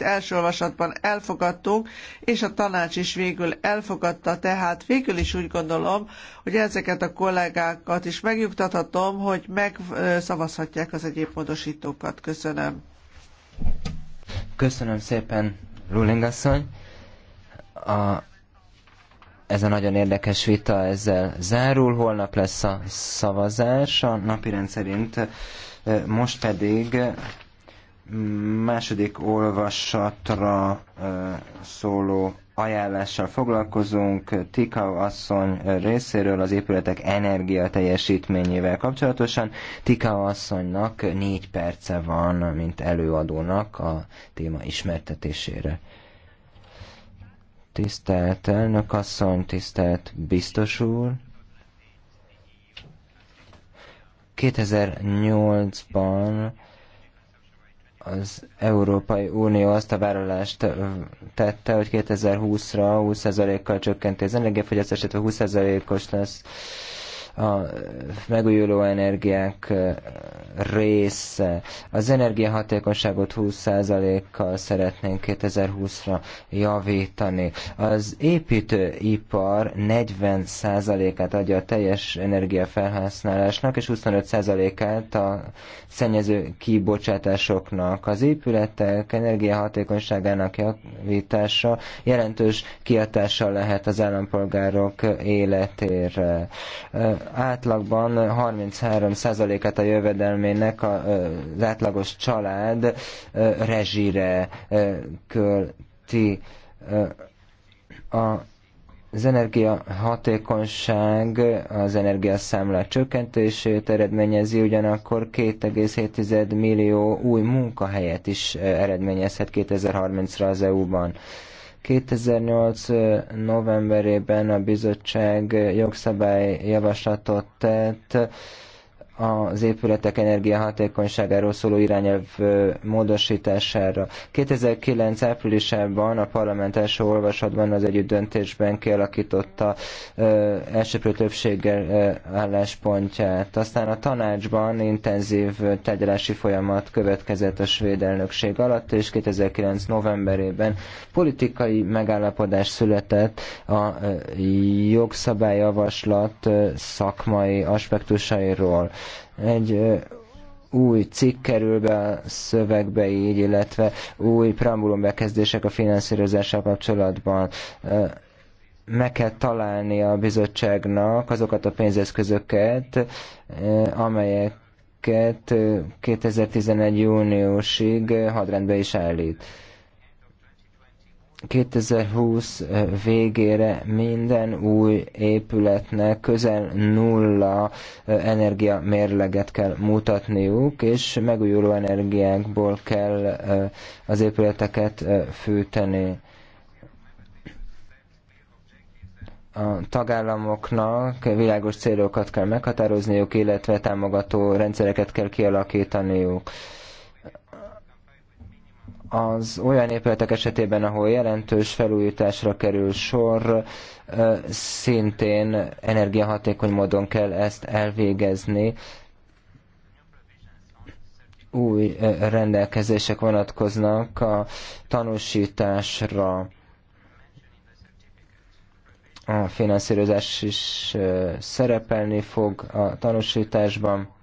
amit első olvasatban elfogadtunk, és a tanács is végül elfogadta, tehát végül is úgy gondolom, hogy ezeket a kollégákat is megnyugtathatom, hogy megszavazhatják az egyéb módosítókat. Köszönöm. Köszönöm szépen, Ruling asszony. A, ez a nagyon érdekes vita ezzel zárul, holnap lesz a szavazás a napirend szerint, eh, most pedig második olvasatra szóló ajánlással foglalkozunk Tikau asszony részéről az épületek energia teljesítményével kapcsolatosan. Tikau asszonynak négy perce van, mint előadónak a téma ismertetésére. Tisztelt elnök asszony, tisztelt biztos úr! 2008-ban az Európai Unió azt a vállalást tette, hogy 2020-ra 20%-kal csökkenti az energiafogyasztását, vagy 20%-os lesz a megújuló energiák része. Az energiahatékonyságot 20%-kal szeretnénk 2020-ra javítani. Az építőipar 40%-át adja a teljes energiafelhasználásnak, és 25%-át a szennyező kibocsátásoknak. Az épületek energiahatékonyságának javítása jelentős kiadással lehet az állampolgárok életére átlagban 33%-át a jövedelmének az átlagos család rezsire költi. A az energia hatékonyság az energiaszámla csökkentését eredményezi, ugyanakkor 2,7 millió új munkahelyet is eredményezhet 2030-ra az EU-ban. 2008. novemberében a bizottság jogszabályjavaslatot tett, az épületek energiahatékonyságáról szóló irányelv módosítására. 2009. áprilisában a parlament első olvasatban az együtt döntésben kialakította elsőprő többséggel álláspontját. Aztán a tanácsban intenzív tárgyalási folyamat következett a svéd elnökség alatt, és 2009. novemberében politikai megállapodás született a jogszabályjavaslat szakmai aspektusairól. Egy új cikk kerül be a szövegbe így, illetve új preambulum bekezdések a finanszírozással kapcsolatban meg kell találni a bizottságnak azokat a pénzeszközöket, amelyeket 2011. júniusig hadrendbe is állít. 2020 eh, végére minden új épületnek közel nulla eh, energia mérleget kell mutatniuk, és megújuló energiákból kell eh, az épületeket fűteni. a tagállamoknak világos célokat kell meghatározniuk, illetve támogató rendszereket kell kialakítaniuk az olyan épületek esetében, ahol jelentős felújításra kerül sor, szintén energiahatékony módon kell ezt elvégezni. Új rendelkezések vonatkoznak a tanúsításra, a finanszírozás is szerepelni fog a tanúsításban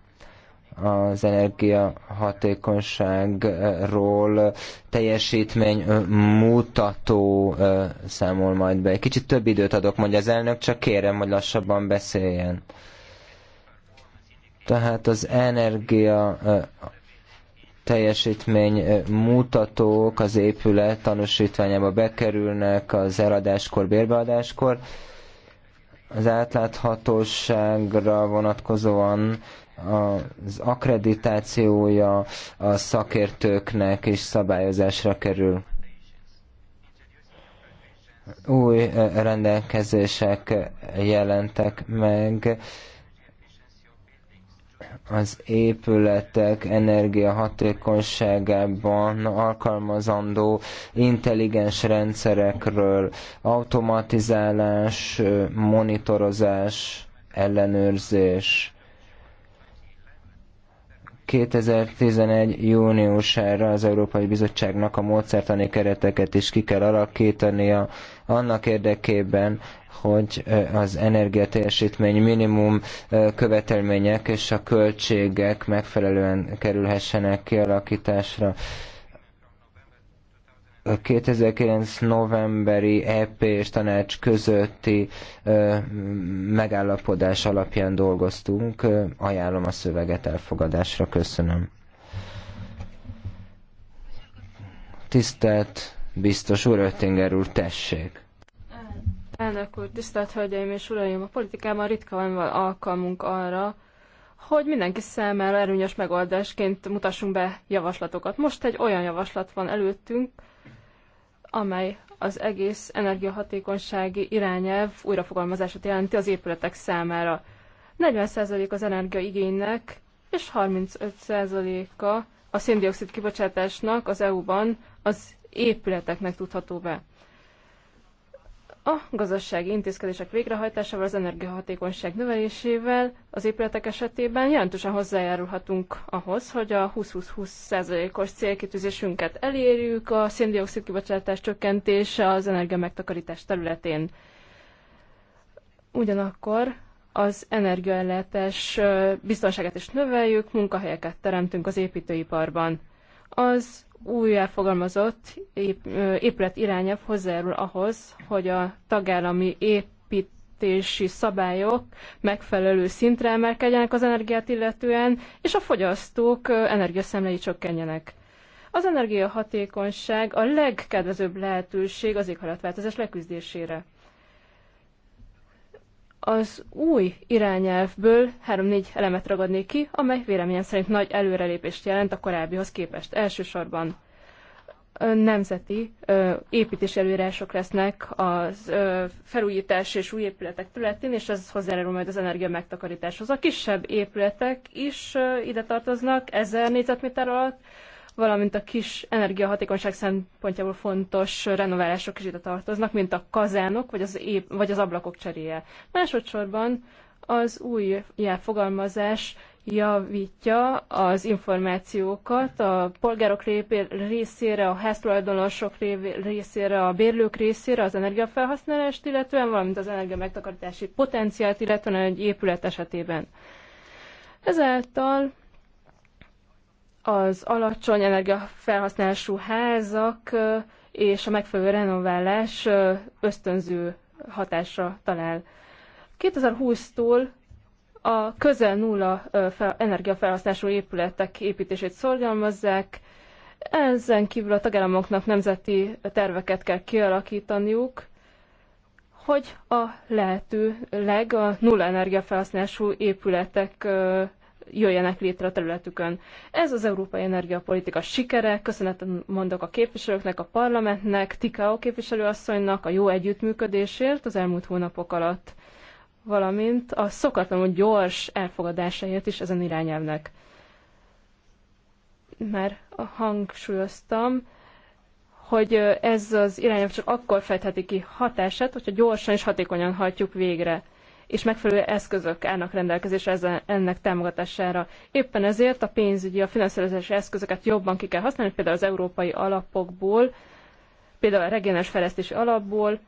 az energiahatékonyságról teljesítmény mutató számol majd be. Egy kicsit több időt adok, mondja az elnök, csak kérem, hogy lassabban beszéljen. Tehát az energia teljesítmény mutatók az épület tanúsítványába bekerülnek az eladáskor, bérbeadáskor. Az átláthatóságra vonatkozóan az akkreditációja a szakértőknek és szabályozásra kerül új eh, rendelkezések jelentek meg az épületek energiahatékonyságában alkalmazandó intelligens rendszerekről, automatizálás, eh, monitorozás, ellenőrzés. 2011. júniusára az Európai Bizottságnak a módszertani kereteket is ki kell alakítania annak érdekében, hogy az energiateljesítmény minimum követelmények és a költségek megfelelően kerülhessenek kialakításra a 2009 novemberi EP és tanács közötti megállapodás alapján dolgoztunk. Ajánlom a szöveget elfogadásra. Köszönöm. Tisztelt biztos úr, Öttinger úr, tessék! Elnök úr, tisztelt Hölgyeim és Uraim! A politikában ritka van alkalmunk arra, hogy mindenki számára erőnyös megoldásként mutassunk be javaslatokat. Most egy olyan javaslat van előttünk, amely az egész energiahatékonysági irányelv újrafogalmazását jelenti az épületek számára. 40% az energiaigénynek és 35%-a a széndiokszid kibocsátásnak az EU-ban az épületeknek tudható be. A gazdasági intézkedések végrehajtásával, az energiahatékonyság növelésével az épületek esetében jelentősen hozzájárulhatunk ahhoz, hogy a 20-20-20%-os célkitűzésünket elérjük a széndiokszid kibocsátás csökkentése az energiamegtakarítás területén. Ugyanakkor az energiaellátás biztonságát is növeljük, munkahelyeket teremtünk az építőiparban. Az új elfogalmazott épület irányelv hozzájárul ahhoz, hogy a tagállami építési szabályok megfelelő szintre emelkedjenek az energiát illetően, és a fogyasztók energiaszemlei csökkenjenek. Az energiahatékonyság a legkedvezőbb lehetőség az éghajlatváltozás leküzdésére az új irányelvből három-négy elemet ragadnék ki, amely véleményem szerint nagy előrelépést jelent a korábbihoz képest. Elsősorban nemzeti építési előírások lesznek az felújítás és új épületek területén, és ez hozzájárul majd az energia megtakarításhoz. A kisebb épületek is ide tartoznak, 1000 négyzetméter alatt, valamint a kis energiahatékonyság szempontjából fontos renoválások is ide tartoznak, mint a kazánok vagy az, ép vagy az ablakok cseréje. Másodszorban az új jelfogalmazás fogalmazás javítja az információkat a polgárok részére, a háztulajdonosok részére, a bérlők részére az energiafelhasználást illetően, valamint az energia megtakarítási potenciált illetően egy épület esetében. Ezáltal az alacsony energiafelhasználású házak és a megfelelő renoválás ösztönző hatásra talál. 2020-tól a közel nulla energiafelhasználású épületek építését szorgalmazzák, ezen kívül a tagállamoknak nemzeti terveket kell kialakítaniuk, hogy a lehető leg a nulla energiafelhasználású épületek jöjjenek létre a területükön. Ez az európai energiapolitika sikere. Köszönetet mondok a képviselőknek, a parlamentnek, Tikao képviselőasszonynak a jó együttműködésért az elmúlt hónapok alatt, valamint a szokatlanul gyors elfogadásáért is ezen irányelvnek. Már hangsúlyoztam, hogy ez az irányelv csak akkor fejtheti ki hatását, hogyha gyorsan és hatékonyan hajtjuk végre és megfelelő eszközök állnak rendelkezésre ezen, ennek támogatására. Éppen ezért a pénzügyi, a finanszírozási eszközöket jobban ki kell használni, például az európai alapokból, például a regionális fejlesztési alapból,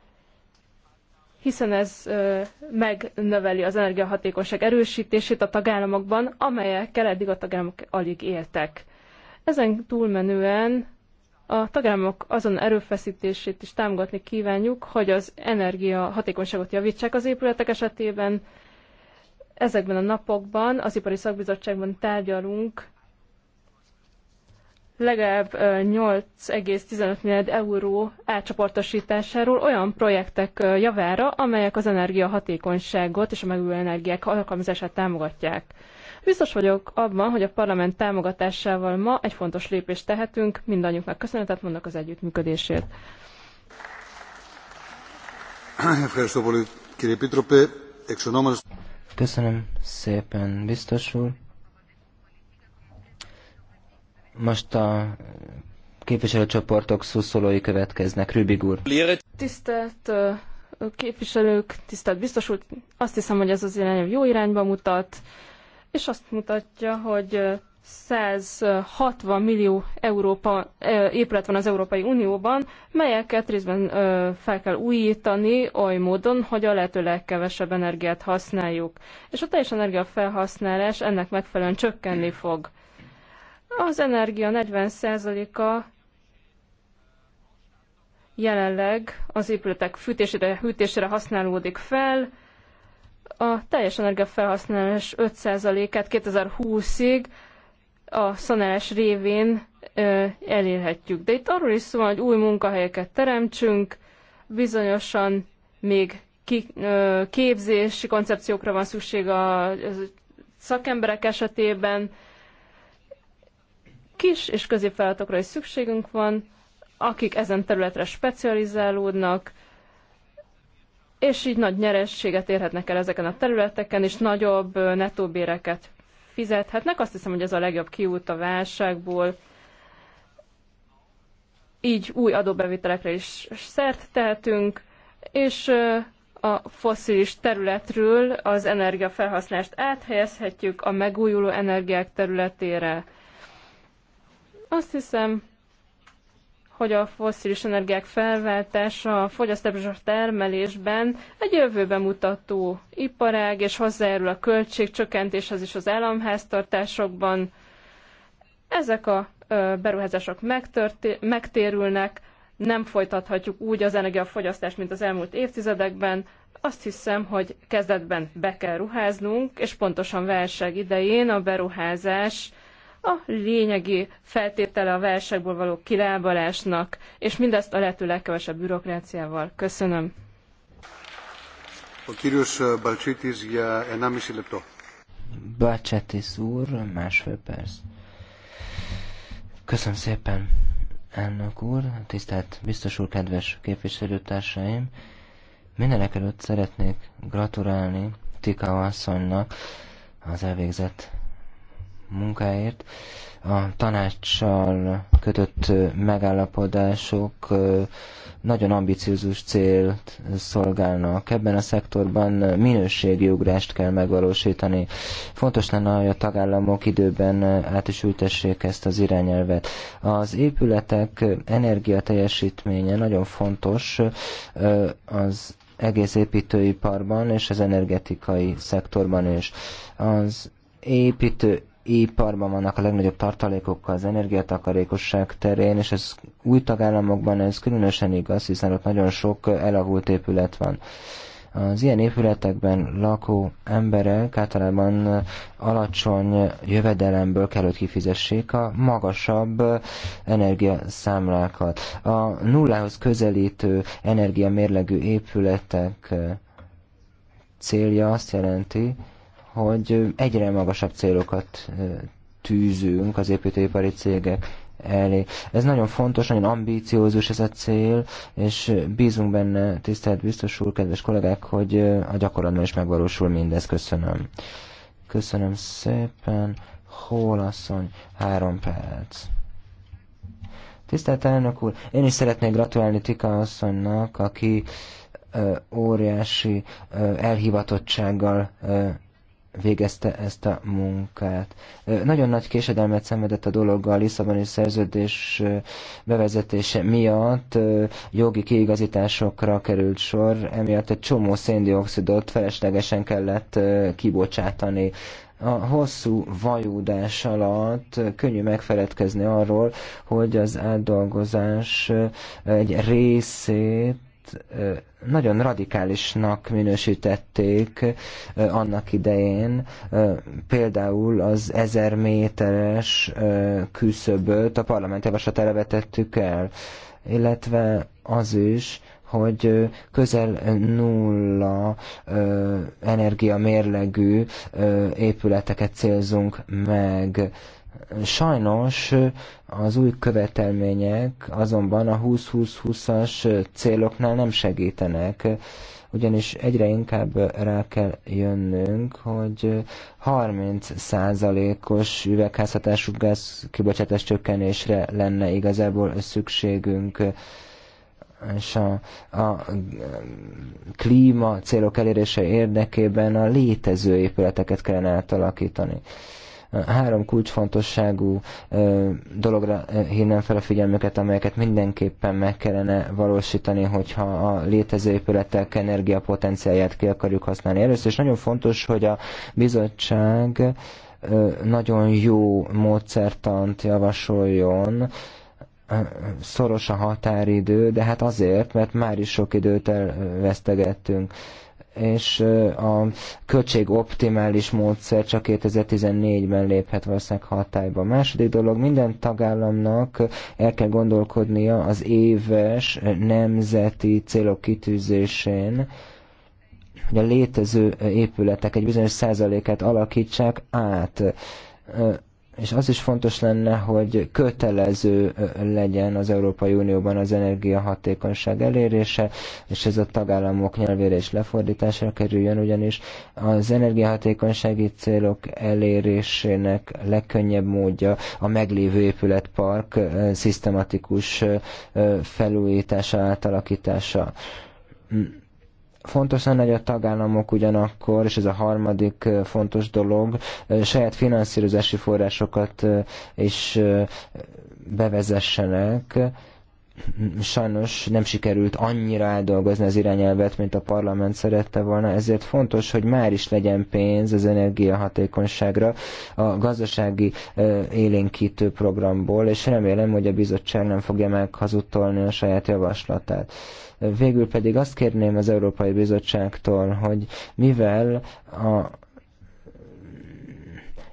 hiszen ez ö, megnöveli az energiahatékonyság erősítését a tagállamokban, amelyekkel eddig a tagállamok alig éltek. Ezen túlmenően a tagállamok azon erőfeszítését is támogatni kívánjuk, hogy az energia hatékonyságot javítsák az épületek esetében. Ezekben a napokban az Ipari Szakbizottságban tárgyalunk legalább 8,15 milliárd euró átcsoportosításáról olyan projektek javára, amelyek az energiahatékonyságot és a megújuló energiák alkalmazását támogatják. Biztos vagyok abban, hogy a parlament támogatásával ma egy fontos lépést tehetünk, mindannyiunknak köszönetet mondok az együttműködésért. Köszönöm szépen, biztos úr. Most a képviselőcsoportok szószólói következnek. Rübig úr. Tisztelt képviselők, tisztelt biztos úr, azt hiszem, hogy ez az irányom jó irányba mutat és azt mutatja, hogy 160 millió Európa, épület van az Európai Unióban, melyeket részben fel kell újítani oly módon, hogy a lehető legkevesebb energiát használjuk. És a teljes energiafelhasználás ennek megfelelően csökkenni fog. Az energia 40%-a jelenleg az épületek fűtésére, hűtésére használódik fel, a teljes energiafelhasználás 5%-át 2020-ig a szanálás révén elérhetjük. De itt arról is szó van, hogy új munkahelyeket teremtsünk, bizonyosan még képzési koncepciókra van szükség a szakemberek esetében, kis és középvállalatokra is szükségünk van, akik ezen területre specializálódnak, és így nagy nyerességet érhetnek el ezeken a területeken, és nagyobb netóbéreket fizethetnek. Azt hiszem, hogy ez a legjobb kiút a válságból. Így új adóbevételekre is szert tehetünk, és a foszilis területről az energiafelhasználást áthelyezhetjük a megújuló energiák területére. Azt hiszem, hogy a fosszilis energiák felváltása a fogyasztás a termelésben egy jövőben mutató iparág, és hozzájárul a költségcsökkentéshez is az államháztartásokban. Ezek a beruházások megtérülnek, nem folytathatjuk úgy az energiafogyasztást, mint az elmúlt évtizedekben. Azt hiszem, hogy kezdetben be kell ruháznunk, és pontosan válság idején a beruházás a lényegi feltétele a válságból való kilábalásnak, és mindezt a lehető legkevesebb bürokráciával. Köszönöm. A kirős eh, Balcsitis, nem is Balcsitis úr, másfél perc. Köszönöm szépen, elnök úr, tisztelt biztos úr, kedves képviselőtársaim. Mindenek előtt szeretnék gratulálni Tika asszonynak az elvégzett munkáért. A tanácssal kötött megállapodások nagyon ambiciózus célt szolgálnak. Ebben a szektorban minőségi ugrást kell megvalósítani. Fontos lenne, hogy a tagállamok időben át is ültessék ezt az irányelvet. Az épületek energiateljesítménye nagyon fontos az egész építőiparban és az energetikai szektorban is. Az építő iparban vannak a legnagyobb tartalékok az energiatakarékosság terén, és ez új tagállamokban ez különösen igaz, hiszen ott nagyon sok elavult épület van. Az ilyen épületekben lakó emberek általában alacsony jövedelemből kell, hogy kifizessék a magasabb energiaszámlákat. A nullához közelítő energiamérlegű épületek célja azt jelenti, hogy egyre magasabb célokat tűzünk az építőipari cégek elé. Ez nagyon fontos, nagyon ambíciózus ez a cél, és bízunk benne, tisztelt biztos úr, kedves kollégák, hogy a gyakorlatban is megvalósul mindez. Köszönöm. Köszönöm szépen. Hólasszony, három perc. Tisztelt elnök úr, én is szeretnék gratulálni Tika asszonynak, aki ö, óriási ö, elhivatottsággal ö, végezte ezt a munkát. Nagyon nagy késedelmet szenvedett a dologgal a Lisszaboni szerződés bevezetése miatt, jogi kiigazításokra került sor, emiatt egy csomó széndiokszidot feleslegesen kellett kibocsátani a hosszú vajúdás alatt könnyű megfeledkezni arról, hogy az átdolgozás egy részét nagyon radikálisnak minősítették annak idején, például az ezer méteres küszöböt a parlament javaslatára vetettük el, illetve az is, hogy közel nulla energiamérlegű épületeket célzunk meg Sajnos az új követelmények azonban a 20-20-20-as céloknál nem segítenek, ugyanis egyre inkább rá kell jönnünk, hogy 30%-os üvegházhatású gáz kibocsátás csökkenésre lenne igazából szükségünk és a, a klíma célok elérése érdekében a létező épületeket kellene átalakítani. Három kulcsfontosságú dologra hívnám fel a figyelmüket, amelyeket mindenképpen meg kellene valósítani, hogyha a létező épületek energiapotenciáját ki akarjuk használni. Először is nagyon fontos, hogy a bizottság nagyon jó módszertant javasoljon, szoros a határidő, de hát azért, mert már is sok időt elvesztegettünk és a költségoptimális módszer csak 2014-ben léphet valószínűleg hatályba. Második dolog, minden tagállamnak el kell gondolkodnia az éves nemzeti célok kitűzésén, hogy a létező épületek egy bizonyos százalékát alakítsák át és az is fontos lenne, hogy kötelező legyen az Európai Unióban az energiahatékonyság elérése, és ez a tagállamok nyelvére és lefordításra kerüljön, ugyanis az energiahatékonysági célok elérésének legkönnyebb módja a meglévő épületpark szisztematikus felújítása, átalakítása Fontos lenne, hogy a tagállamok ugyanakkor, és ez a harmadik fontos dolog, saját finanszírozási forrásokat is bevezessenek, sajnos nem sikerült annyira eldolgozni az irányelvet, mint a parlament szerette volna, ezért fontos, hogy már is legyen pénz az energiahatékonyságra a gazdasági élénkítő programból, és remélem, hogy a bizottság nem fogja meghazudtolni a saját javaslatát. Végül pedig azt kérném az Európai Bizottságtól, hogy mivel a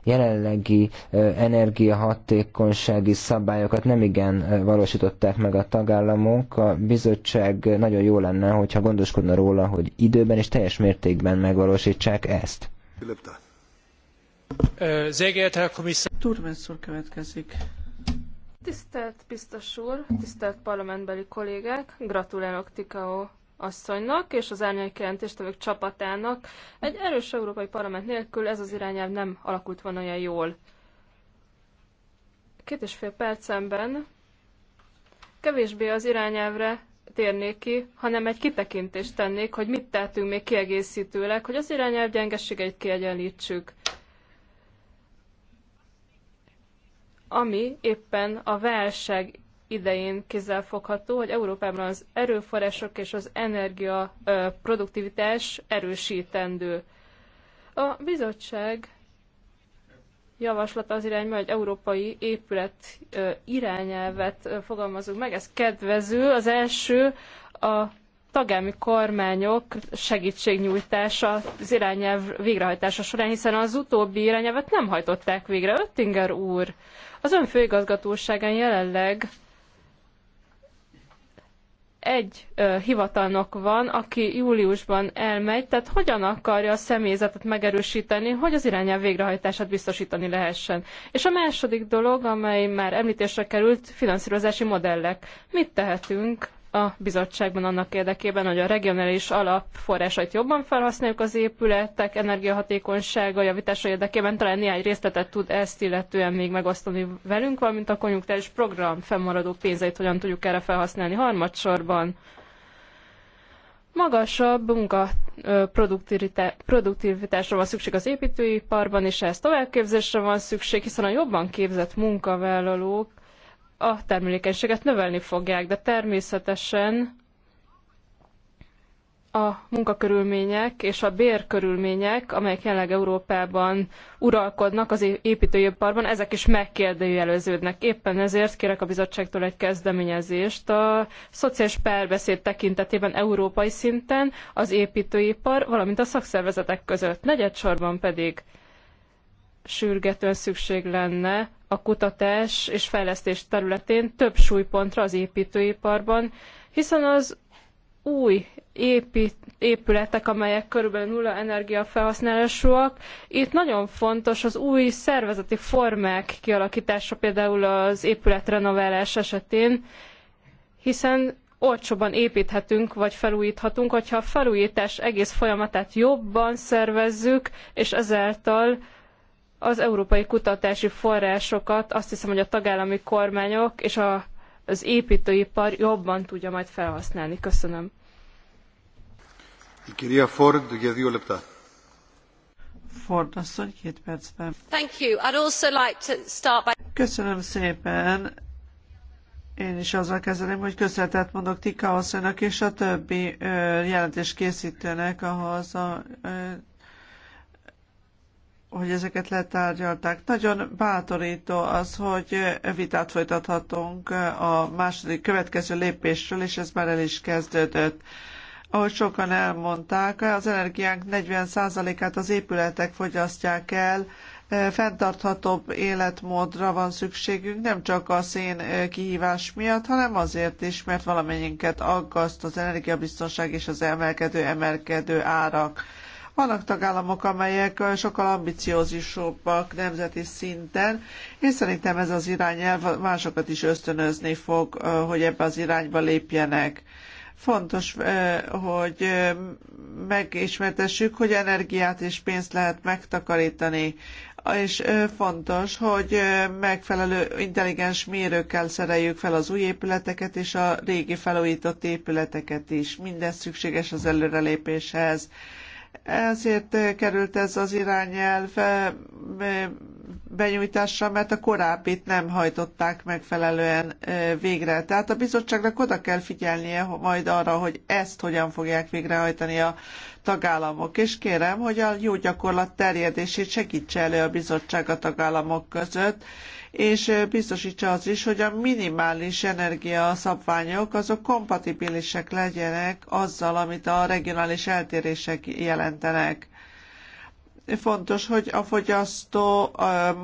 jelenlegi energiahatékonysági szabályokat nem igen valósították meg a tagállamok. A bizottság nagyon jó lenne, hogyha gondoskodna róla, hogy időben és teljes mértékben megvalósítsák ezt. Turmes úr következik. Tisztelt biztos úr, tisztelt parlamentbeli kollégák, gratulálok Tikao asszonynak és az árnyék jelentéstevők csapatának. Egy erős európai parlament nélkül ez az irányelv nem alakult volna olyan jól. Két és fél percemben kevésbé az irányelvre térnék ki, hanem egy kitekintést tennék, hogy mit tettünk még kiegészítőleg, hogy az irányelv gyengeségeit kiegyenlítsük. Ami éppen a válság idején kézzelfogható, hogy Európában az erőforrások és az energia produktivitás erősítendő. A bizottság javaslata az irányba, hogy európai épület irányelvet fogalmazunk meg. Ez kedvező. Az első a tagállami kormányok segítségnyújtása az irányelv végrehajtása során, hiszen az utóbbi irányelvet nem hajtották végre. Öttinger úr, az ön főigazgatóságán jelenleg egy ö, hivatalnok van, aki júliusban elmegy, tehát hogyan akarja a személyzetet megerősíteni, hogy az irányelv végrehajtását biztosítani lehessen. És a második dolog, amely már említésre került, finanszírozási modellek. Mit tehetünk a bizottságban annak érdekében, hogy a regionális alap forrásait jobban felhasználjuk az épületek energiahatékonysága javítása érdekében. Talán néhány részletet tud ezt illetően még megosztani velünk, valamint a konjunktális program fennmaradó pénzeit hogyan tudjuk erre felhasználni harmadsorban. Magasabb munka produktivitásra van szükség az építőiparban, és ehhez továbbképzésre van szükség, hiszen a jobban képzett munkavállalók a termelékenységet növelni fogják, de természetesen a munkakörülmények és a bérkörülmények, amelyek jelenleg Európában uralkodnak az építőiparban, ezek is megkérdőjeleződnek. Éppen ezért kérek a bizottságtól egy kezdeményezést a szociális párbeszéd tekintetében európai szinten az építőipar, valamint a szakszervezetek között. Negyedsorban pedig sürgetően szükség lenne a kutatás és fejlesztés területén több súlypontra az építőiparban, hiszen az új épít, épületek, amelyek körülbelül nulla energiafelhasználásúak. Itt nagyon fontos az új szervezeti formák kialakítása, például az épületrenoválás esetén, hiszen olcsóban építhetünk vagy felújíthatunk, hogyha a felújítás egész folyamatát jobban szervezzük, és ezáltal az európai kutatási forrásokat azt hiszem, hogy a tagállami kormányok és a, az építőipar jobban tudja majd felhasználni. Köszönöm. Kiria Ford, Ford asszony, két percben. Thank you. I'd also like to start by... Köszönöm szépen. Én is azzal kezdeném, hogy köszönetet mondok Tika asszonynak és a többi ö, jelentés készítőnek ahhoz a ö, hogy ezeket letárgyalták. Nagyon bátorító az, hogy vitát folytathatunk a második következő lépésről, és ez már el is kezdődött. Ahogy sokan elmondták, az energiánk 40%-át az épületek fogyasztják el, e, fenntarthatóbb életmódra van szükségünk, nem csak a szén e, kihívás miatt, hanem azért is, mert valamennyinket aggaszt az energiabiztonság és az emelkedő, emelkedő árak vannak tagállamok, amelyek sokkal ambiciózusabbak nemzeti szinten, és szerintem ez az irányelv másokat is ösztönözni fog, hogy ebbe az irányba lépjenek fontos, hogy megismertessük, hogy energiát és pénzt lehet megtakarítani, és fontos, hogy megfelelő intelligens mérőkkel szereljük fel az új épületeket és a régi felújított épületeket is. Mindez szükséges az előrelépéshez. Ezért került ez az irányelv benyújtásra, mert a korábbit nem hajtották megfelelően végre. Tehát a bizottságnak oda kell figyelnie majd arra, hogy ezt hogyan fogják végrehajtani a tagállamok, és kérem, hogy a jó gyakorlat terjedését segítse elő a bizottság a tagállamok között, és biztosítsa az is, hogy a minimális energiaszabványok azok kompatibilisek legyenek azzal, amit a regionális eltérések jelentenek fontos, hogy a fogyasztó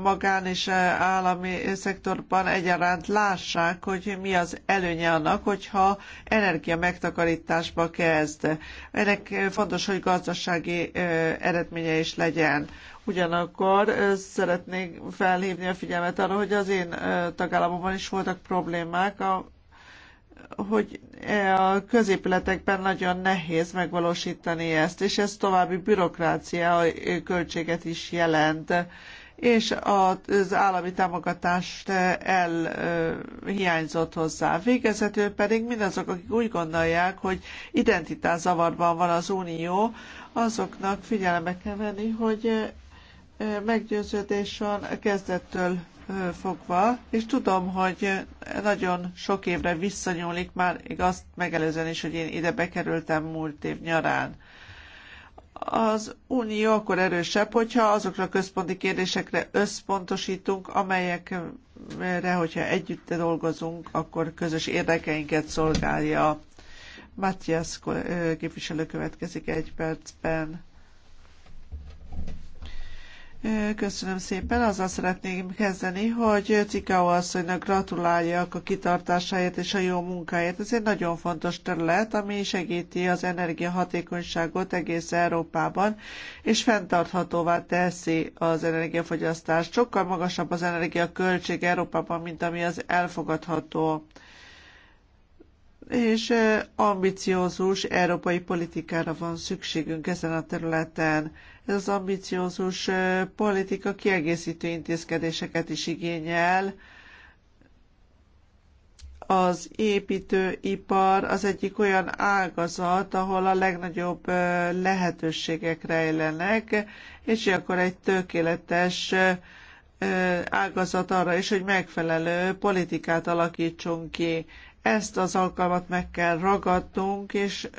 magán és állami szektorban egyaránt lássák, hogy mi az előnye annak, hogyha energia megtakarításba kezd. Ennek fontos, hogy gazdasági eredménye is legyen. Ugyanakkor szeretnék felhívni a figyelmet arra, hogy az én tagállamomban is voltak problémák, a hogy e, a középületekben nagyon nehéz megvalósítani ezt, és ez további bürokrácia költséget is jelent és az állami támogatást e, el hiányzott hozzá. Végezetül pedig mindazok, akik úgy gondolják, hogy identitás zavarban van az Unió, azoknak figyelembe kell venni, hogy e, meggyőződés van kezdettől fogva, és tudom, hogy nagyon sok évre visszanyúlik már, igaz, megelőzően is, hogy én ide bekerültem múlt év nyarán. Az unió akkor erősebb, hogyha azokra a központi kérdésekre összpontosítunk, amelyekre, hogyha együtt dolgozunk, akkor közös érdekeinket szolgálja. Matthias képviselő következik egy percben. Köszönöm szépen. Azzal szeretném kezdeni, hogy Cikao asszonynak gratuláljak a kitartásáért és a jó munkáért. Ez egy nagyon fontos terület, ami segíti az energiahatékonyságot egész Európában, és fenntarthatóvá teszi az energiafogyasztást. Sokkal magasabb az energiaköltség Európában, mint ami az elfogadható és ambiciózus európai politikára van szükségünk ezen a területen. Ez az ambiciózus politika kiegészítő intézkedéseket is igényel. Az építőipar az egyik olyan ágazat, ahol a legnagyobb lehetőségek rejlenek, és akkor egy tökéletes ágazat arra is, hogy megfelelő politikát alakítsunk ki. Ezt az alkalmat meg kell ragadnunk, és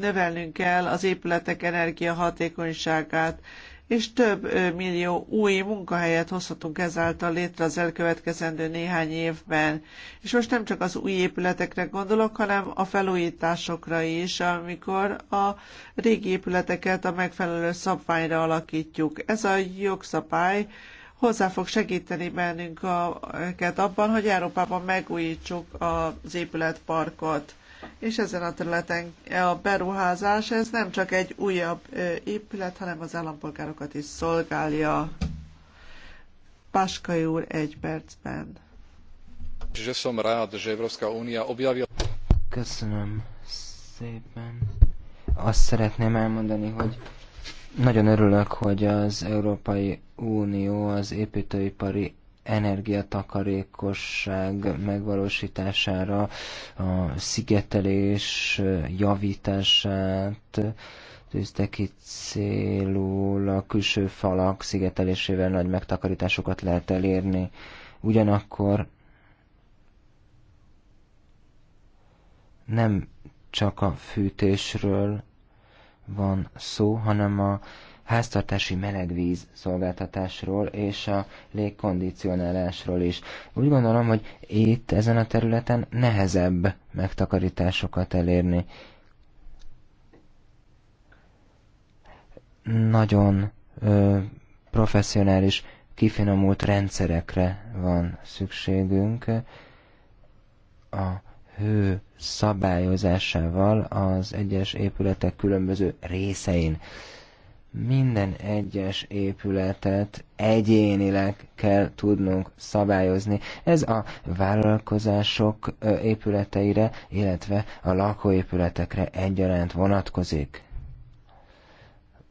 növelnünk kell az épületek energiahatékonyságát, és több millió új munkahelyet hozhatunk ezáltal létre az elkövetkezendő néhány évben. És most nem csak az új épületekre gondolok, hanem a felújításokra is, amikor a régi épületeket a megfelelő szabványra alakítjuk. Ez a jogszabály hozzá fog segíteni őket abban, hogy Európában megújítsuk az épületparkot. És ezen a területen a beruházás, ez nem csak egy újabb épület, hanem az állampolgárokat is szolgálja. Paskai úr egy percben. Köszönöm szépen. Azt szeretném elmondani, hogy nagyon örülök, hogy az Európai Unió az építőipari energiatakarékosság megvalósítására, a szigetelés javítását tűzte ki célul, a külső falak szigetelésével nagy megtakarításokat lehet elérni. Ugyanakkor nem csak a fűtésről, van szó, hanem a háztartási melegvíz szolgáltatásról és a légkondicionálásról is. Úgy gondolom, hogy itt ezen a területen nehezebb megtakarításokat elérni. Nagyon ö, professzionális, kifinomult rendszerekre van szükségünk. A hő szabályozásával az egyes épületek különböző részein. Minden egyes épületet egyénileg kell tudnunk szabályozni. Ez a vállalkozások épületeire, illetve a lakóépületekre egyaránt vonatkozik.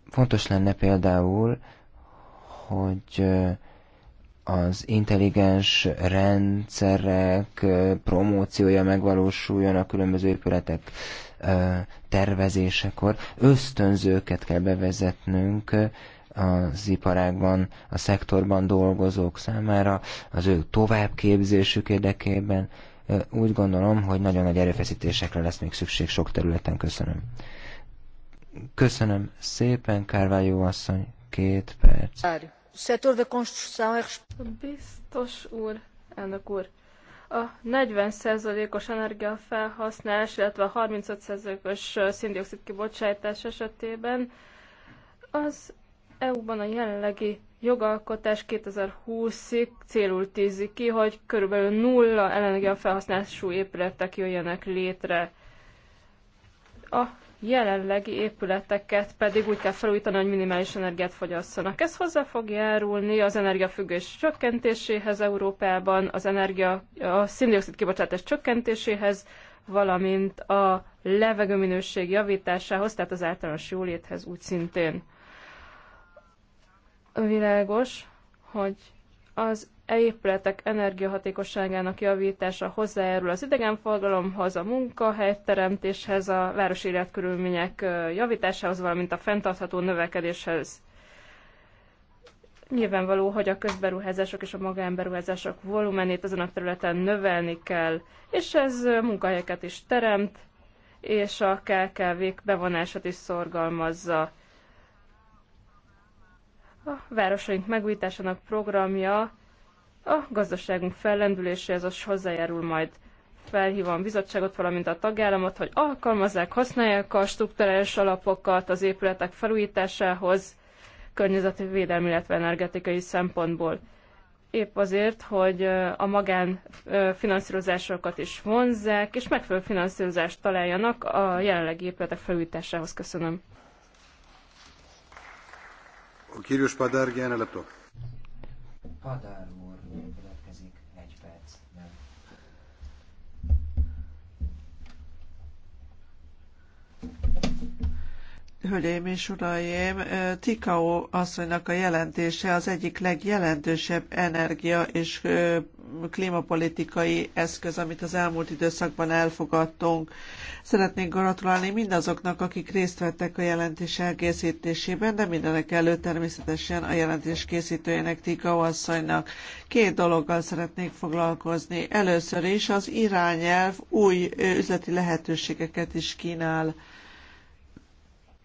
Fontos lenne például, hogy az intelligens rendszerek promóciója megvalósuljon a különböző épületek tervezésekor. Ösztönzőket kell bevezetnünk az iparágban, a szektorban dolgozók számára, az ő továbbképzésük érdekében. Úgy gondolom, hogy nagyon nagy erőfeszítésekre lesz még szükség sok területen. Köszönöm. Köszönöm szépen, Kárvályó asszony, két perc. Várjuk setor construção é Biztos úr, elnök úr, a 40%-os energiafelhasználás, illetve a 35%-os széndiokszid kibocsátás esetében az EU-ban a jelenlegi jogalkotás 2020-ig célul tűzi ki, hogy körülbelül nulla energiafelhasználású épületek jöjjenek létre. A jelenlegi épületeket pedig úgy kell felújítani, hogy minimális energiát fogyasszanak. Ez hozzá fog járulni az energiafüggés csökkentéséhez Európában, az energia, a széndiokszid kibocsátás csökkentéséhez, valamint a levegőminőség javításához, tehát az általános jóléthez úgy szintén. Világos, hogy az e épületek energiahatékosságának javítása hozzájárul az idegenforgalomhoz, a munkahelyteremtéshez, a városi életkörülmények javításához, valamint a fenntartható növekedéshez. Nyilvánvaló, hogy a közberuházások és a magánberuházások volumenét ezen a területen növelni kell, és ez munkahelyeket is teremt, és a KKV-k bevonását is szorgalmazza. A városaink megújításának programja a gazdaságunk fellendüléséhez az hozzájárul majd felhívom a bizottságot, valamint a tagállamot, hogy alkalmazzák, használják a strukturális alapokat az épületek felújításához, védelmi, illetve energetikai szempontból. Épp azért, hogy a magán finanszírozásokat is vonzzák, és megfelelő finanszírozást találjanak a jelenlegi épületek felújításához. Köszönöm. A Padár, Padár Hölgyeim és uraim, Tikao asszonynak a jelentése az egyik legjelentősebb energia és klímapolitikai eszköz, amit az elmúlt időszakban elfogadtunk. Szeretnék gratulálni mindazoknak, akik részt vettek a jelentés elkészítésében, de mindenek előtt természetesen a jelentés készítőjének Tikao asszonynak. Két dologgal szeretnék foglalkozni. Először is az irányelv új üzleti lehetőségeket is kínál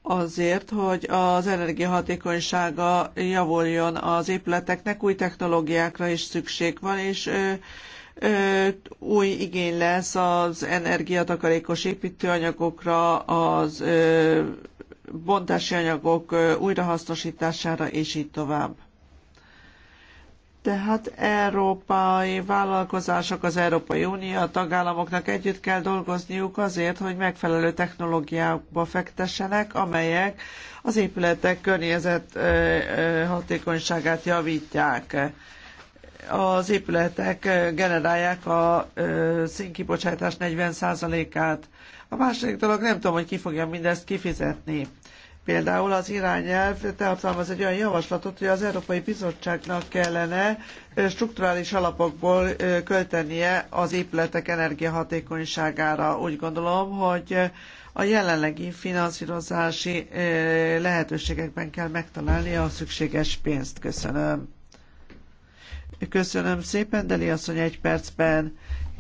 azért, hogy az energiahatékonysága javuljon az épületeknek, új technológiákra is szükség van, és új igény lesz az energiatakarékos építőanyagokra, az bontási anyagok újrahasznosítására, és így tovább. Tehát európai vállalkozások, az Európai Unió, a tagállamoknak együtt kell dolgozniuk azért, hogy megfelelő technológiákba fektessenek, amelyek az épületek környezet hatékonyságát javítják. Az épületek generálják a színkibocsátás 40%-át. A második dolog, nem tudom, hogy ki fogja mindezt kifizetni. Például az irányelv tartalmaz egy olyan javaslatot, hogy az Európai Bizottságnak kellene strukturális alapokból költenie az épületek energiahatékonyságára. Úgy gondolom, hogy a jelenlegi finanszírozási lehetőségekben kell megtalálni a szükséges pénzt. Köszönöm. Köszönöm szépen, Deli asszony egy percben.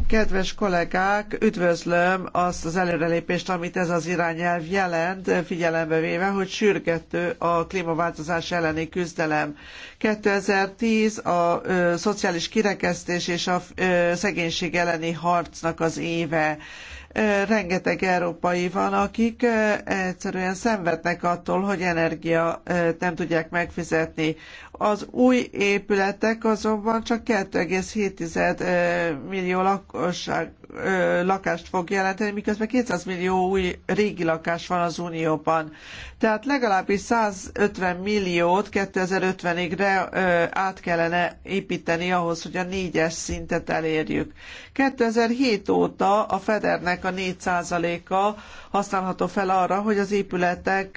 Kedves kollégák, üdvözlöm azt az előrelépést, amit ez az irányelv jelent, figyelembe véve, hogy sürgető a klímaváltozás elleni küzdelem. 2010 a ö, szociális kirekesztés és a ö, szegénység elleni harcnak az éve rengeteg európai van, akik egyszerűen szenvednek attól, hogy energiát nem tudják megfizetni. Az új épületek azonban csak 2,7 millió lakosság, lakást fog jelenteni, miközben 200 millió új régi lakás van az Unióban. Tehát legalábbis 150 milliót 2050-ig át kellene építeni ahhoz, hogy a négyes szintet elérjük. 2007 óta a Federnek a 4%-a használható fel arra, hogy az épületek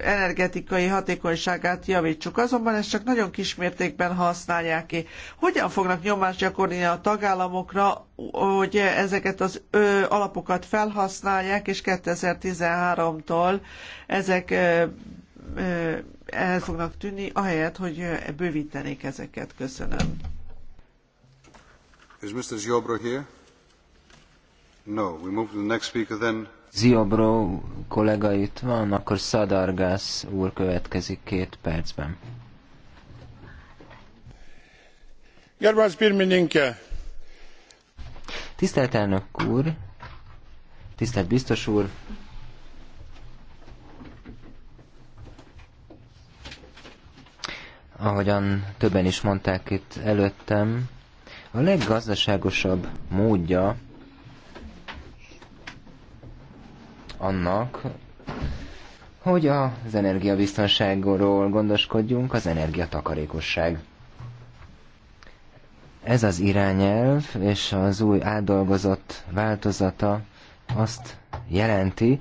energetikai hatékonyságát javítsuk. Azonban azonban ezt csak nagyon kismértékben használják ki. Hogyan fognak nyomást gyakorolni a tagállamokra, hogy ezeket az alapokat felhasználják, és 2013-tól ezek el fognak tűnni, ahelyett, hogy bővítenék ezeket. Köszönöm. Is Mr. Ziobro here? No, we move to the next speaker then. Ziobro kollega itt van, akkor Szadargász úr következik két percben. Tisztelt elnök úr, tisztelt biztos úr, ahogyan többen is mondták itt előttem, a leggazdaságosabb módja annak, hogy az energiabiztonságról gondoskodjunk, az energiatakarékosság. Ez az irányelv és az új átdolgozott változata azt jelenti,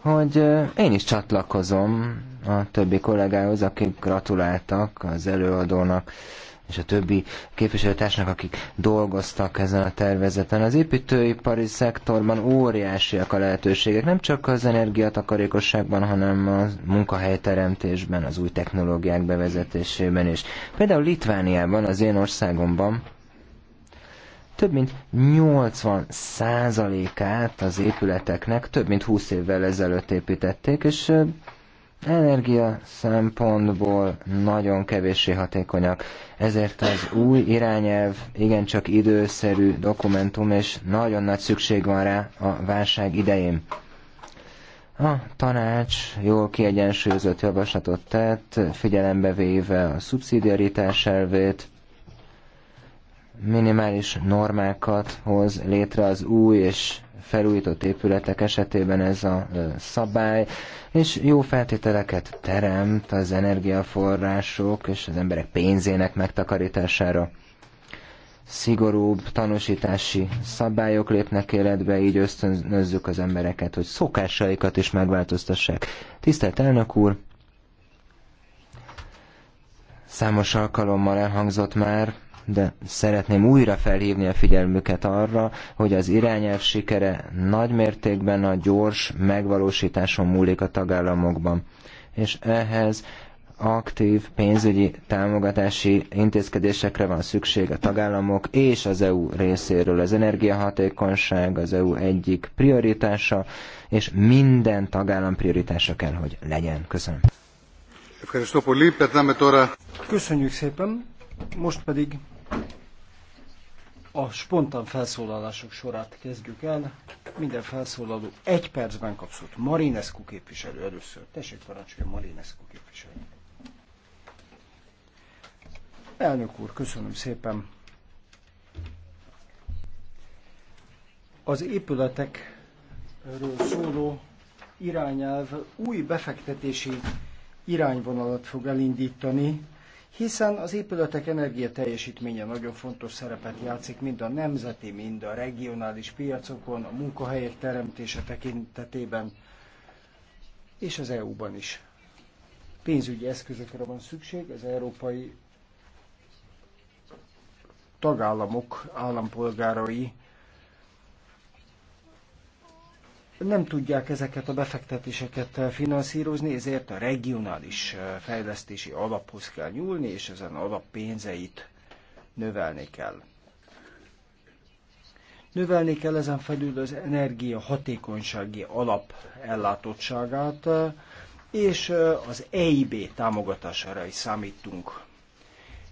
hogy én is csatlakozom a többi kollégához, akik gratuláltak az előadónak és a többi képviselőtársnak, akik dolgoztak ezen a tervezeten. Az építőipari szektorban óriásiak a lehetőségek, nem csak az energiatakarékosságban, hanem a munkahelyteremtésben, az új technológiák bevezetésében is. Például Litvániában, az én országomban több mint 80 százalékát az épületeknek több mint 20 évvel ezelőtt építették, és energia szempontból nagyon kevéssé hatékonyak. Ezért az új irányelv igencsak időszerű dokumentum, és nagyon nagy szükség van rá a válság idején. A tanács jól kiegyensúlyozott javaslatot tett, figyelembe véve a szubszidiaritás elvét, minimális normákat hoz létre az új és felújított épületek esetében ez a szabály, és jó feltételeket teremt az energiaforrások és az emberek pénzének megtakarítására szigorúbb tanúsítási szabályok lépnek életbe, így ösztönözzük az embereket, hogy szokásaikat is megváltoztassák. Tisztelt elnök úr! Számos alkalommal elhangzott már de szeretném újra felhívni a figyelmüket arra, hogy az irányelv sikere nagy mértékben a gyors megvalósításon múlik a tagállamokban. És ehhez aktív pénzügyi támogatási intézkedésekre van szükség a tagállamok és az EU részéről. Az energiahatékonyság az EU egyik prioritása, és minden tagállam prioritása kell, hogy legyen. Köszönöm. Köszönjük szépen. Most pedig a spontán felszólalások sorát kezdjük el. Minden felszólaló egy percben kapszott. Marinescu képviselő először. Tessék parancsolja, Marinescu képviselő. Elnök úr, köszönöm szépen. Az épületekről szóló irányelv új befektetési irányvonalat fog elindítani, hiszen az épületek energia teljesítménye nagyon fontos szerepet játszik mind a nemzeti, mind a regionális piacokon, a munkahelyek teremtése tekintetében, és az EU-ban is. Pénzügyi eszközökre van szükség, az európai tagállamok állampolgárai nem tudják ezeket a befektetéseket finanszírozni, ezért a regionális fejlesztési alaphoz kell nyúlni, és ezen alap pénzeit növelni kell. Növelni kell ezen felül az energia hatékonysági alap ellátottságát, és az EIB támogatására is számítunk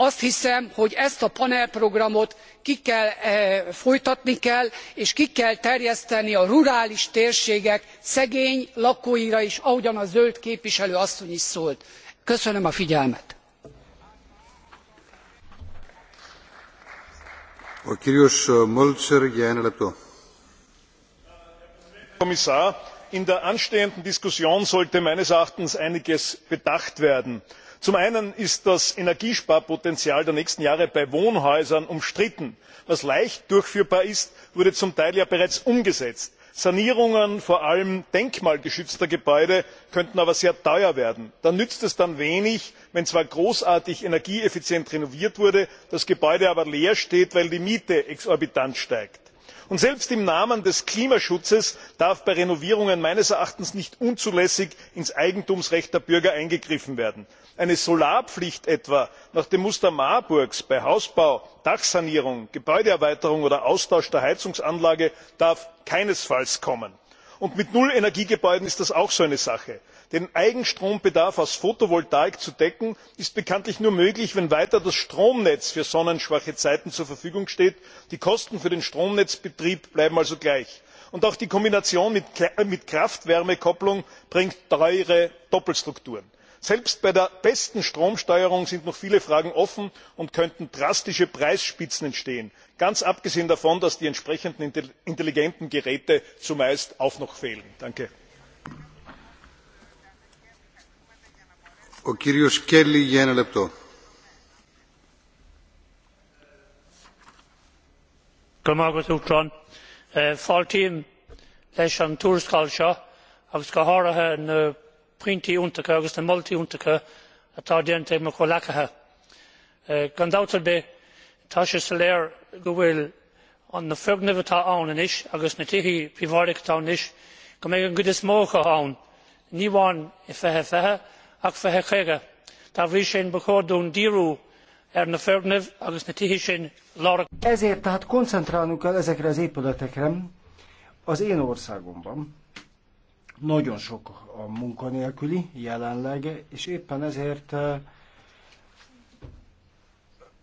azt hiszem hogy ezt a panelprogramot eh, folytatni kell és ki kell terjeszteni a rurális térségek szegény lakóira is ahogyan a zöld képviselő asszony is szólt. köszönöm a figyelmet. herr eh, kommissar! in der anstehenden diskussion sollte meines erachtens einiges bedacht werden zum einen ist das energiesparpotenzial der nächsten jahre bei wohnhäusern umstritten. was leicht durchführbar ist wurde zum teil ja bereits umgesetzt. sanierungen vor allem denkmalgeschützter gebäude könnten aber sehr teuer werden. da nützt es dann wenig wenn zwar großartig energieeffizient renoviert wurde das gebäude aber leer steht weil die miete exorbitant steigt. und selbst im namen des klimaschutzes darf bei renovierungen meines erachtens nicht unzulässig ins eigentumsrecht der bürger eingegriffen werden eine solarpflicht etwa nach dem muster marburgs bei hausbau dachsanierung gebäudeerweiterung oder austausch der heizungsanlage darf keinesfalls kommen. und mit nullenergiegebäuden ist das auch so eine sache. den eigenstrombedarf aus fotovoltaik zu decken ist bekanntlich nur möglich wenn weiter das stromnetz für sonnenschwache zeiten zur verfügung steht die kosten für den stromnetzbetrieb bleiben also gleich. und auch die kombination mit kraft wärme kopplung bringt teure doppelstrukturen selbst bei der besten stromsteuerung sind noch viele fragen offen und es könnten drastische preisspitzen entstehen ganz abgesehen davon dass die entsprechenden intelligenten geräte zumeist auch noch fehlen pointí iontach agus na moltaí iontach atá déantar mar chomh eh, lacaithe. gan dabhtar bé tá sé sa léir go bhfuil an na foirgneamh atá ann anois agus na tithí píbháideach atá anois go mbeidh an gcuid is mó acu ann ní bhain i bhfeitheadh feithe ach feithe chéige. tá bhrí sin ba chóir dún díriú ar er na foirgneamh agus na tithí sin lára. ezért tehát koncentrálnunk kell ezekre az épületekre az én országomban nagyon sok a munkanélküli jelenleg, és éppen ezért eh,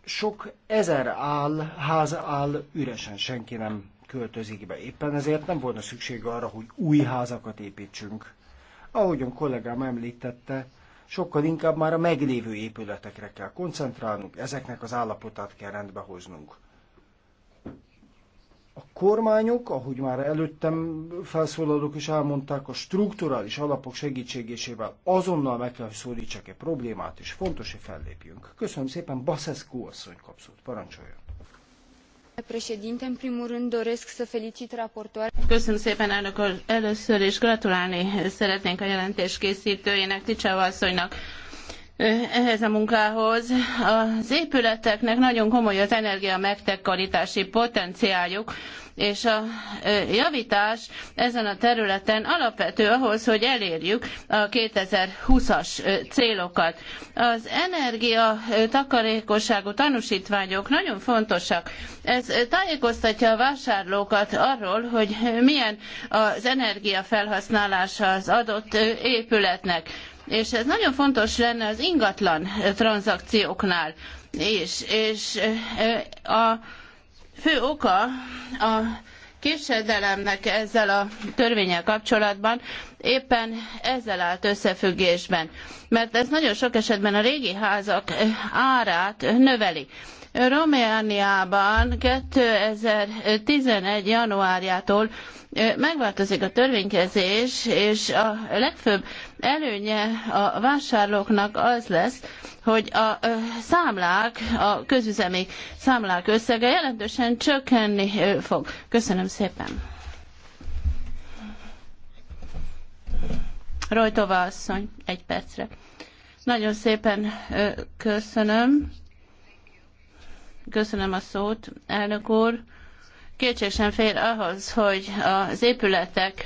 sok ezer áll, ház áll üresen, senki nem költözik be. Éppen ezért nem volna szükség arra, hogy új házakat építsünk. Ahogyan kollégám említette, sokkal inkább már a meglévő épületekre kell koncentrálnunk, ezeknek az állapotát kell rendbehoznunk. hoznunk. A kormányok, ahogy már előttem felszólalók is elmondták, a strukturális alapok segítségésével azonnal meg kell, hogy szólítsak egy problémát, és fontos, hogy fellépjünk. Köszönöm szépen, Baszeszkó asszony kapszót. Parancsoljon! în primul rând doresc să felicit raportoarea. Köszönöm szépen, elnök Először is gratulálni szeretnénk a jelentés készítőjének, Ticsáva asszonynak ehhez a munkához. Az épületeknek nagyon komoly az energia megtakarítási potenciáljuk, és a javítás ezen a területen alapvető ahhoz, hogy elérjük a 2020-as célokat. Az energia takarékosságú tanúsítványok nagyon fontosak. Ez tájékoztatja a vásárlókat arról, hogy milyen az energiafelhasználása az adott épületnek és ez nagyon fontos lenne az ingatlan tranzakcióknál is, és a fő oka a késedelemnek ezzel a törvényel kapcsolatban éppen ezzel állt összefüggésben, mert ez nagyon sok esetben a régi házak árát növeli Romániában 2011. januárjától megváltozik a törvénykezés, és a legfőbb előnye a vásárlóknak az lesz, hogy a számlák, a közüzemi számlák összege jelentősen csökkenni fog. Köszönöm szépen. Rojtova asszony, egy percre. Nagyon szépen köszönöm. Köszönöm a szót, elnök úr. Kétség sem fér ahhoz, hogy az épületek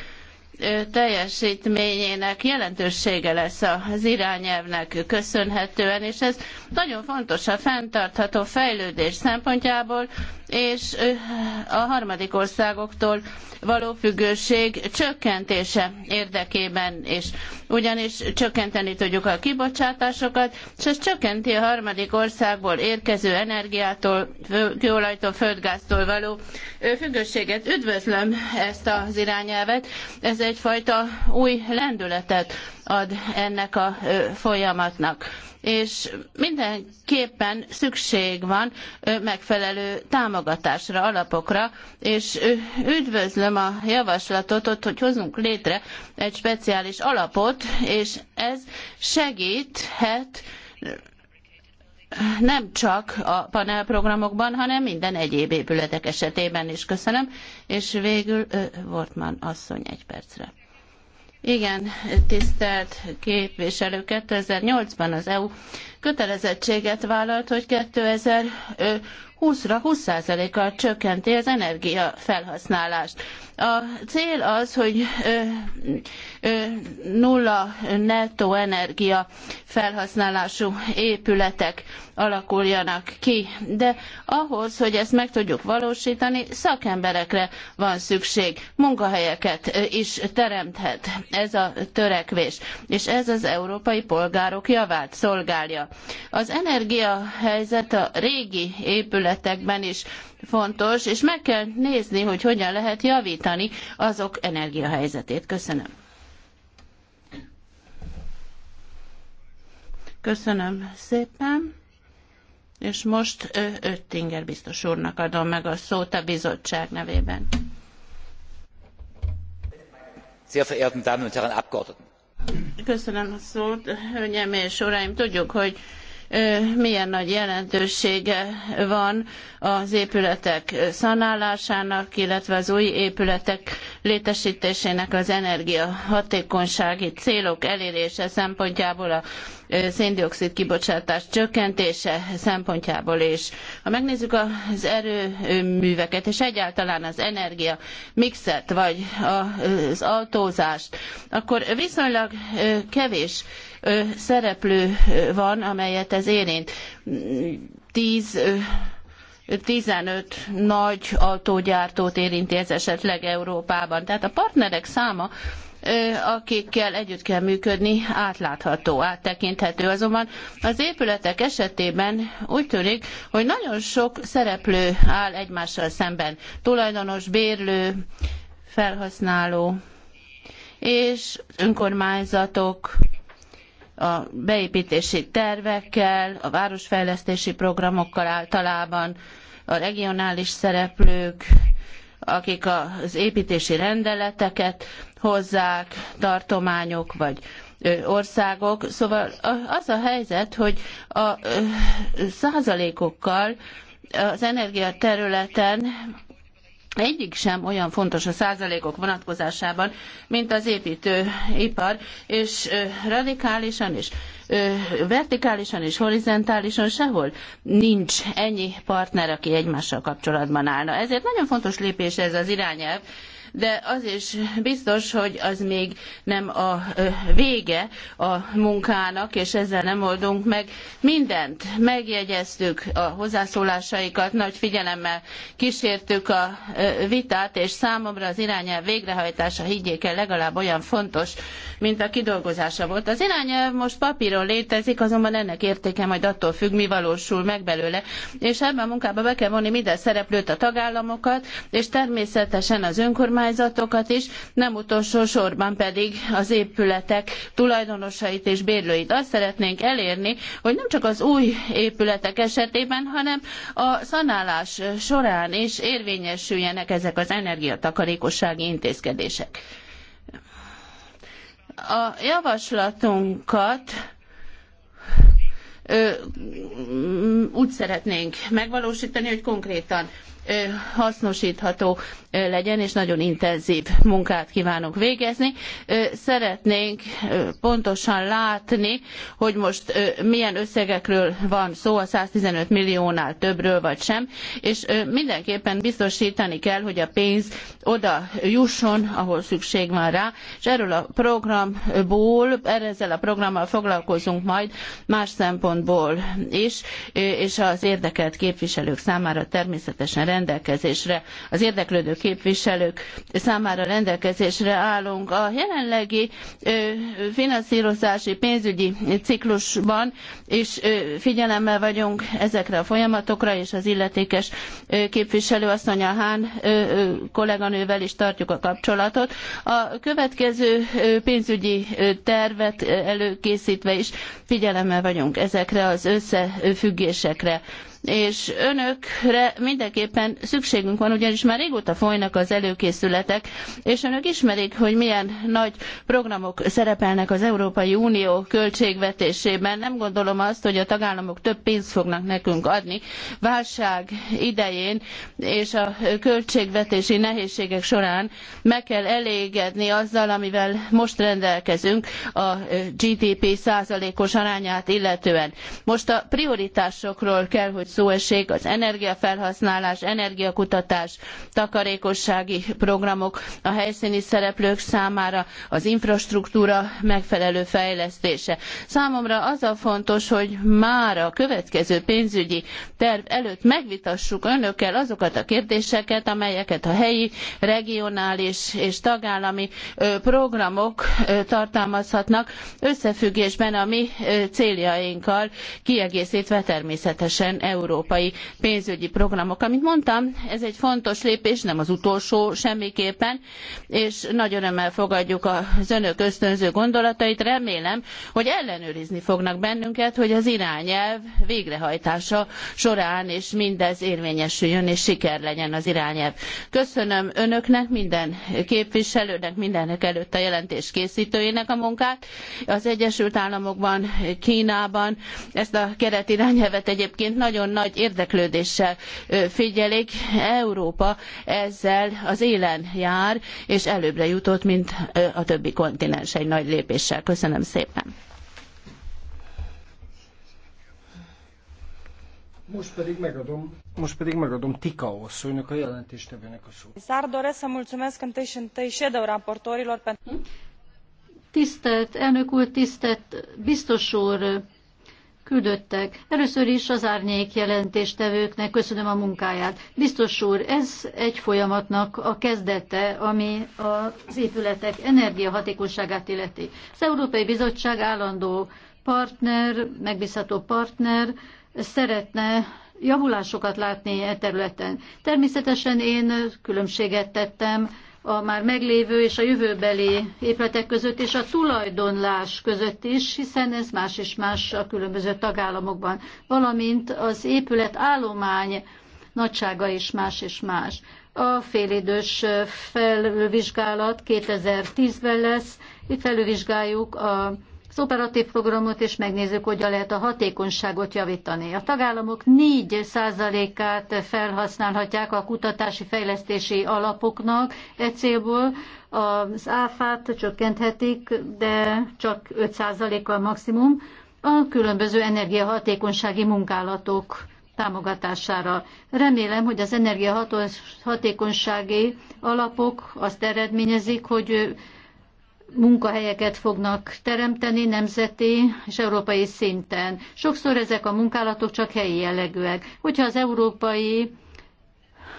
teljesítményének jelentősége lesz az irányelvnek köszönhetően, és ez nagyon fontos a fenntartható fejlődés szempontjából, és a harmadik országoktól való függőség csökkentése érdekében is. Ugyanis csökkenteni tudjuk a kibocsátásokat, és ez csökkenti a harmadik országból érkező energiától, kőolajtól, földgáztól való függőséget. Üdvözlöm ezt az irányelvet, ez egyfajta új lendületet ad ennek a folyamatnak és mindenképpen szükség van megfelelő támogatásra, alapokra, és üdvözlöm a javaslatot, ott, hogy hozunk létre egy speciális alapot, és ez segíthet nem csak a panelprogramokban, hanem minden egyéb épületek esetében is köszönöm, és végül Wortmann asszony egy percre. Igen, tisztelt képviselő, 2008-ban az EU kötelezettséget vállalt, hogy 2020-ra 20%-kal csökkenti az energiafelhasználást. A cél az, hogy nulla nettó energia felhasználású épületek alakuljanak ki, de ahhoz, hogy ezt meg tudjuk valósítani, szakemberekre van szükség, munkahelyeket is teremthet ez a törekvés, és ez az európai polgárok javát szolgálja. Az energiahelyzet a régi épületekben is fontos, és meg kell nézni, hogy hogyan lehet javítani azok energiahelyzetét. Köszönöm. Köszönöm szépen. És most Öttinger biztos úrnak adom meg a szót a bizottság nevében. Sehr verehrten Damen und Herren Abgeordneten! Köszönöm a szót, hölgyem és uraim. Tudjuk, hogy milyen nagy jelentősége van az épületek szanálásának, illetve az új épületek létesítésének az energiahatékonysági célok elérése szempontjából a széndiokszid kibocsátás csökkentése szempontjából is. Ha megnézzük az erőműveket, és egyáltalán az energia mixet, vagy az autózást, akkor viszonylag kevés szereplő van, amelyet ez érint. 10 15 nagy autógyártót érinti ez esetleg Európában. Tehát a partnerek száma akikkel együtt kell működni, átlátható, áttekinthető. Azonban az épületek esetében úgy tűnik, hogy nagyon sok szereplő áll egymással szemben. Tulajdonos, bérlő, felhasználó és önkormányzatok, a beépítési tervekkel, a városfejlesztési programokkal általában, a regionális szereplők, akik az építési rendeleteket hozzák, tartományok vagy országok. Szóval az a helyzet, hogy a százalékokkal az energiaterületen egyik sem olyan fontos a százalékok vonatkozásában, mint az építőipar, és radikálisan és vertikálisan és horizontálisan sehol nincs ennyi partner, aki egymással kapcsolatban állna. Ezért nagyon fontos lépés ez az irányelv, de az is biztos, hogy az még nem a vége a munkának, és ezzel nem oldunk meg mindent. Megjegyeztük a hozzászólásaikat, nagy figyelemmel kísértük a vitát, és számomra az irányelv végrehajtása, higgyék el, legalább olyan fontos, mint a kidolgozása volt. Az irányelv most papíron létezik, azonban ennek értéke majd attól függ, mi valósul meg belőle, és ebben a munkában be kell vonni minden szereplőt, a tagállamokat, és természetesen az önkormányzatokat, önkormányzatokat is, nem utolsó sorban pedig az épületek tulajdonosait és bérlőit. Azt szeretnénk elérni, hogy nem csak az új épületek esetében, hanem a szanálás során is érvényesüljenek ezek az energiatakarékossági intézkedések. A javaslatunkat úgy szeretnénk megvalósítani, hogy konkrétan hasznosítható legyen, és nagyon intenzív munkát kívánok végezni. Szeretnénk pontosan látni, hogy most milyen összegekről van szó, a 115 milliónál többről vagy sem, és mindenképpen biztosítani kell, hogy a pénz oda jusson, ahol szükség van rá, és erről a programból, ezzel a programmal foglalkozunk majd más szempontból is, és az érdekelt képviselők számára természetesen rendben rendelkezésre, az érdeklődő képviselők számára rendelkezésre állunk. A jelenlegi finanszírozási pénzügyi ciklusban is figyelemmel vagyunk ezekre a folyamatokra, és az illetékes képviselő a Hán kolléganővel is tartjuk a kapcsolatot. A következő pénzügyi tervet előkészítve is figyelemmel vagyunk ezekre az összefüggésekre és önökre mindenképpen szükségünk van, ugyanis már régóta folynak az előkészületek, és önök ismerik, hogy milyen nagy programok szerepelnek az Európai Unió költségvetésében. Nem gondolom azt, hogy a tagállamok több pénzt fognak nekünk adni válság idején és a költségvetési nehézségek során meg kell elégedni azzal, amivel most rendelkezünk a GDP százalékos arányát illetően. Most a prioritásokról kell, hogy szó esik, az energiafelhasználás, energiakutatás, takarékossági programok a helyszíni szereplők számára, az infrastruktúra megfelelő fejlesztése. Számomra az a fontos, hogy már a következő pénzügyi terv előtt megvitassuk önökkel azokat a kérdéseket, amelyeket a helyi, regionális és tagállami programok tartalmazhatnak összefüggésben a mi céljainkkal, kiegészítve természetesen európai pénzügyi programok. Amit mondtam, ez egy fontos lépés, nem az utolsó semmiképpen, és nagy örömmel fogadjuk az önök ösztönző gondolatait. Remélem, hogy ellenőrizni fognak bennünket, hogy az irányelv végrehajtása során és mindez érvényesüljön és siker legyen az irányelv. Köszönöm önöknek, minden képviselőnek, mindenek előtt a jelentés készítőjének a munkát. Az Egyesült Államokban, Kínában ezt a keretirányelvet egyébként nagyon nagyon nagy érdeklődéssel figyelik. Európa ezzel az élen jár, és előbbre jutott, mint a többi kontinens egy nagy lépéssel. Köszönöm szépen. Most pedig megadom, most pedig megadom Tika asszonynak, a jelentéstevőnek a szót. Szár doresc să mulțumesc întâi și întâi shadow raportorilor pentru... Tisztelt elnök úr, tisztelt biztos úr, küldöttek. Először is az árnyék jelentéstevőknek köszönöm a munkáját. Biztos úr, ez egy folyamatnak a kezdete, ami az épületek energiahatékonyságát illeti. Az Európai Bizottság állandó partner, megbízható partner szeretne javulásokat látni e területen. Természetesen én különbséget tettem a már meglévő és a jövőbeli épületek között, és a tulajdonlás között is, hiszen ez más és más a különböző tagállamokban, valamint az épület állomány nagysága is más és más. A félidős felvizsgálat 2010-ben lesz, itt felülvizsgáljuk a az operatív programot, és megnézzük, hogyan lehet a hatékonyságot javítani. A tagállamok 4%-át felhasználhatják a kutatási fejlesztési alapoknak e célból, az áfát csökkenthetik, de csak 5%-kal maximum, a különböző energiahatékonysági munkálatok támogatására. Remélem, hogy az energiahatékonysági alapok azt eredményezik, hogy munkahelyeket fognak teremteni nemzeti és európai szinten. Sokszor ezek a munkálatok csak helyi jellegűek. Hogyha az európai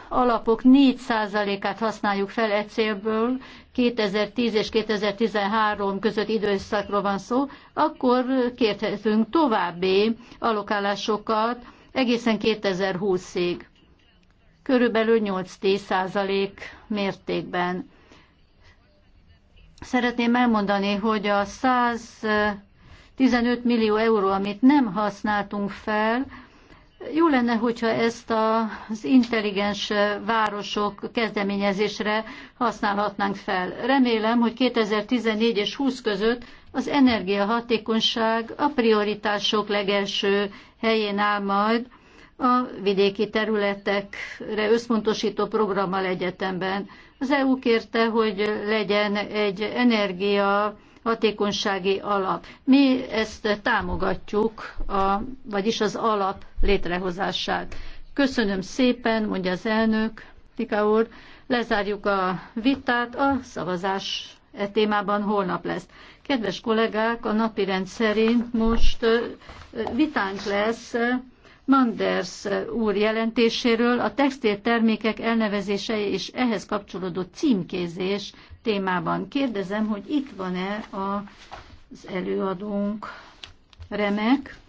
alapok 4%-át használjuk fel egy célből, 2010 és 2013 között időszakról van szó, akkor kérhetünk további alokálásokat egészen 2020-ig, körülbelül 8-10% mértékben. Szeretném elmondani, hogy a 115 millió euró, amit nem használtunk fel, jó lenne, hogyha ezt az intelligens városok kezdeményezésre használhatnánk fel. Remélem, hogy 2014 és 20 között az energiahatékonyság a prioritások legelső helyén áll majd a vidéki területekre összpontosító programmal egyetemben. Az EU kérte, hogy legyen egy energia hatékonysági alap. Mi ezt támogatjuk, a, vagyis az alap létrehozását. Köszönöm szépen, mondja az elnök, Tika úr. Lezárjuk a vitát, a szavazás e témában holnap lesz. Kedves kollégák, a napirend szerint most vitánk lesz Manders úr jelentéséről a textil termékek elnevezése és ehhez kapcsolódó címkézés témában. Kérdezem, hogy itt van-e az előadónk remek.